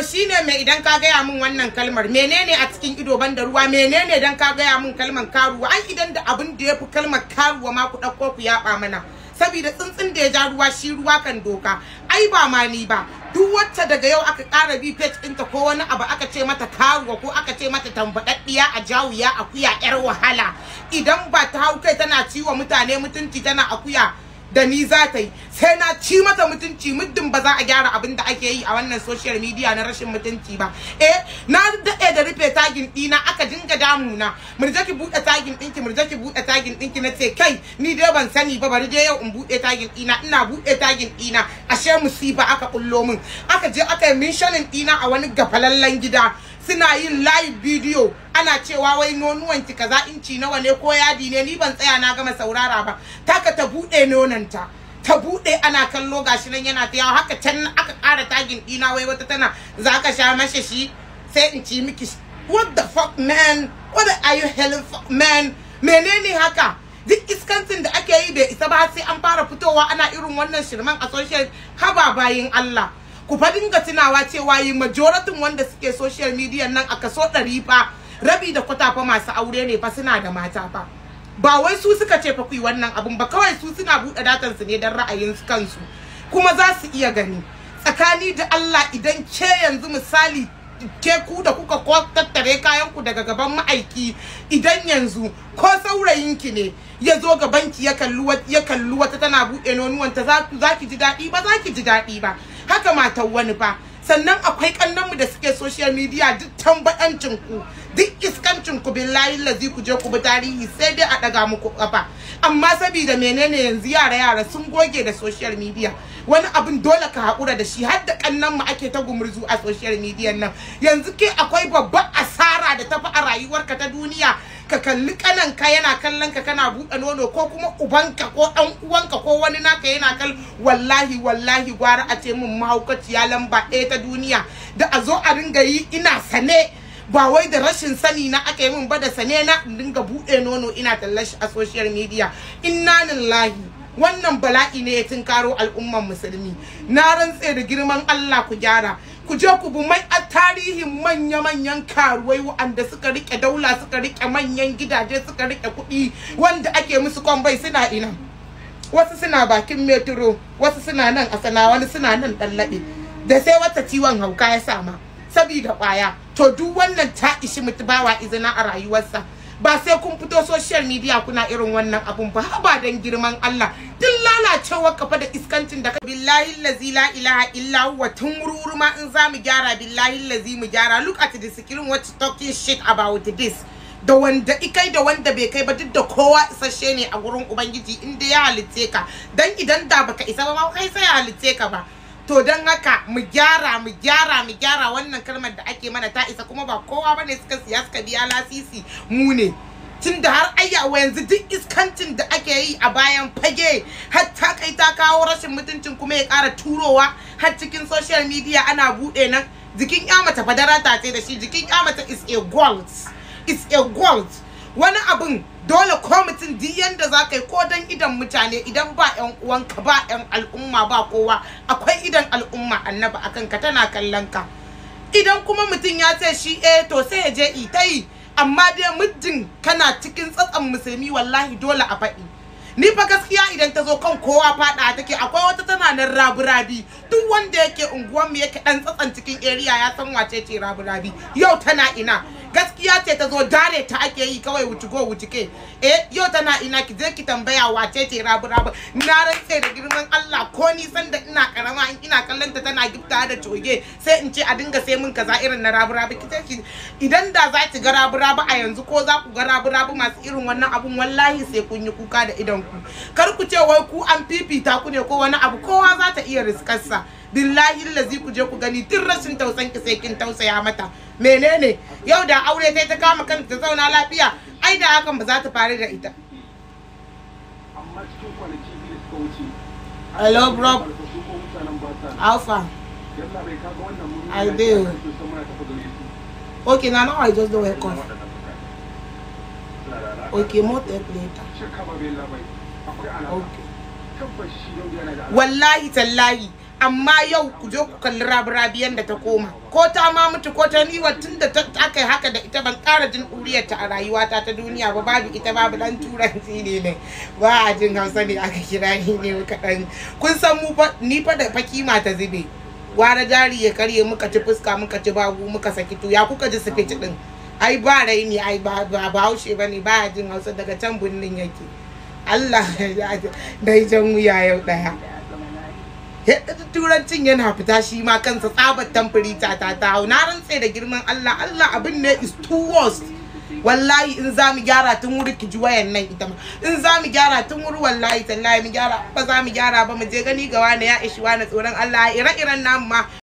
to shine mai idan ka gaya min wannan kalmar menene a cikin ido ban da ruwa menene dan ka gaya min kalmar karuwa ai idan da abin da yafi kalmar karuwa ma ku dauko ku yaba mana saboda tsuntsun da ya ja ruwa shi ruwa kan doka ai ba ma ni ba duk wacce daga yau aka ƙara bi page ɗinta ko wani abu aka ce mata karuwa ko aka ce mata tambaɗaɗɗiya a jawuya akuya 'yar wahala idan ba ta hau kai tana ciwo mutane mutunci tana akuya da ni za ta yi sai na ci mata mutunci muddin ba za a gyara abin da ake yi a wannan social media na rashin mutunci ba eh na daɗe da rufe tagin ɗina aka dinga damuna murje ki buɗe tagin ɗinki murje ki buɗe tagin ɗinki na ce kai ni dai ban sani ba bari dai yau in buɗe tagin ɗina ina buɗe tagin ɗina ashe musiba aka kullo min aka je aka yi shanin ɗina a wani gafalallen gida suna yin live bidiyo ana cewa wai nonuwan ki kaza inci nawa ne ko yadi ne ni ban tsaya na gama saurara ba taka ta bude nonanta ta bude ana kallo gashi nan yana tayawa haka can aka kara tagin dina wai wata tana za ka sha mashi shi sai in ci miki what the fuck man what are you hell man menene haka duk iskancin da ake yi bai isa ba sai an fara fitowa ana irin wannan shirman a social haba bayin Allah ku fa dinga tunawa cewa yi majoratin wanda suke social media nan a kaso ɗari fa rabi da kwata fa masu aure ne fa suna da mata fa ba wai su suka ce fa ku wannan abun ba kawai su suna buɗe datan su ne don ra'ayin kansu kuma za su iya gani tsakani da Allah idan ke yanzu misali ke ku da kuka ko tattare kayan ku daga gaban ma'aiki idan yanzu ko saurayin ki ne ya zo gaban ki ya kalli wata tana buɗe nonuwanta za ki ji daɗi ba za ki ji daɗi ba haka matan wani ba sannan akwai kannanmu da suke social media duk tambayancin ku duk iskancin ku billahi lazi ku je ku bi tarihi sai dai a daga muku kafa amma saboda menene yanzu yara yara sun goge da social media wani abin dole ka haƙura da shi har da kannan mu ake ta gumurzu a social media nan yanzu ke akwai babban asara da tafi a rayuwarka ta duniya ka kalli kananka yana kallon ka kana buɗe nono ko kuma ubanka ko ɗan uwanka ko wani naka yana kal wallahi wallahi gwara a ce min mahaukaciya lamba ɗaya ta duniya da a zo a ringa yi ina sane ba wai da rashin sani na aka yi mun ba da sane na dinga buɗe nono ina shi a social media inna lillahi wannan bala'i ne ya tunkaro al'ummar musulmi na rantse da girman Allah ku gyara ku je ku bi mai a tarihin manya-manyan karuwai wa'anda suka rike daula suka rike manyan gidaje suka rike kuɗi wanda ake musu kwambai suna ina wasu suna bakin metro wasu suna nan a sana wani suna nan ɗallaɓe da sai wata ciwon hauka ya ma. sabida ƙwaya to duk wannan ta ishi mutubawa izina a rayuwarsa ba sai kun fito social media kuna irin wannan abun ba ba dan girman Allah lalacewar kafa da iskancin da billahi lazi la ilaha illa huwa tun ma in za mu gyara billahi lazi mu gyara look at the screen what talking shit about this da wanda ikai da wanda bai kai ba duk da kowa isasshe ne a gurin ubangiji inda ya halitte ka dan idan da baka isa ba kai sai halitte ka ba to dan haka mu gyara mu gyara mu gyara wannan kalmar da ake mana ta isa kuma ba kowa bane suka siya suka biya lasisi mu ne tunda har ayya wa yanzu duk iskancin da ake yi a bayan fage har ta kai ta kawo rashin mutuncin kuma ya kara turowa har cikin social media ana bude nan jikin ya mata fadara ta ce da shi jikin ya mata is a gold is a gold wani abin dole ko mutum duk yanda za ko dan idan mutane idan ba yan uwanka ba yan al'umma ba kowa akwai idan al'umma annaba akan ka tana kallon ka idan kuma mutum ya ce shi eh to sai ya je ita yi amma dai mijin kana cikin tsatsan musulmi wallahi dole a faɗi ni fa gaskiya idan ta zo kan kowa fada take akwai wata tana nan raburabi duk wanda yake unguwan mu yake dan tsatsan cikin area ya san wace ce raburabi yau tana ina gaskiya ce ta zo dare ta ake yi kawai wutugo wutuke eh yau tana ina ki je ki tambaya wace ce rabu rabu na rantse da girman Allah ko ni san da ina karama in ina kallon tana gifta da coge sai in ce a dinga sai mun kaza irin na rabu rabu kice ki idan da za ki ga rabu rabu a yanzu ko za ku ga rabu rabu masu irin wannan abun wallahi sai kun yi kuka da idan ku kar ku ce wai ku an fifita ku ne ko wani abu kowa za ta iya riskarsa billahi lazi ku je ku gani duk rashin tausan ki sai kin tausaya mata menene yau da aure ta ta kama kanta ta zauna lafiya ai da hakan ba za ta faru da ita amma cikin kwanaki biyu suka wuce hello bro alpha I do. Okay, now, now I just don't wake up. Okay, more tape later. Okay. Wallahi tallahi. amma yau ku je ku kalli rabirabiyan da ta koma ko ta ma mutu ko ta niwa tun da ta aka haka da ita ban ƙara jin ta a rayuwata ta duniya ba babu ita babu dan turanci ne ne ba a jin hausa ne aka kira ni ne kaɗan kun san mu fa ni fa da fakima ta zube gwara jari ya karye muka ci fuska muka ci babu muka saki tuya kuka ji sufiti ɗin ai ba raini ai ba haushe ba ne ba a jin hausa daga can bunnin yake Allah ya dai jan wuya yau daya. turancin yana fita shi ma kansa tsabar tamfuri ta ta ta hau na rantse da girman Allah Allah abin ne is too worst wallahi in za mu gyara tun wuri ki ji wayan nan ita ma in za mu gyara tun wuri wallahi tallahi mu gyara ba za mu gyara ba mu je gani ga wani ya ishi wani tsoron Allah ire-iren namu ma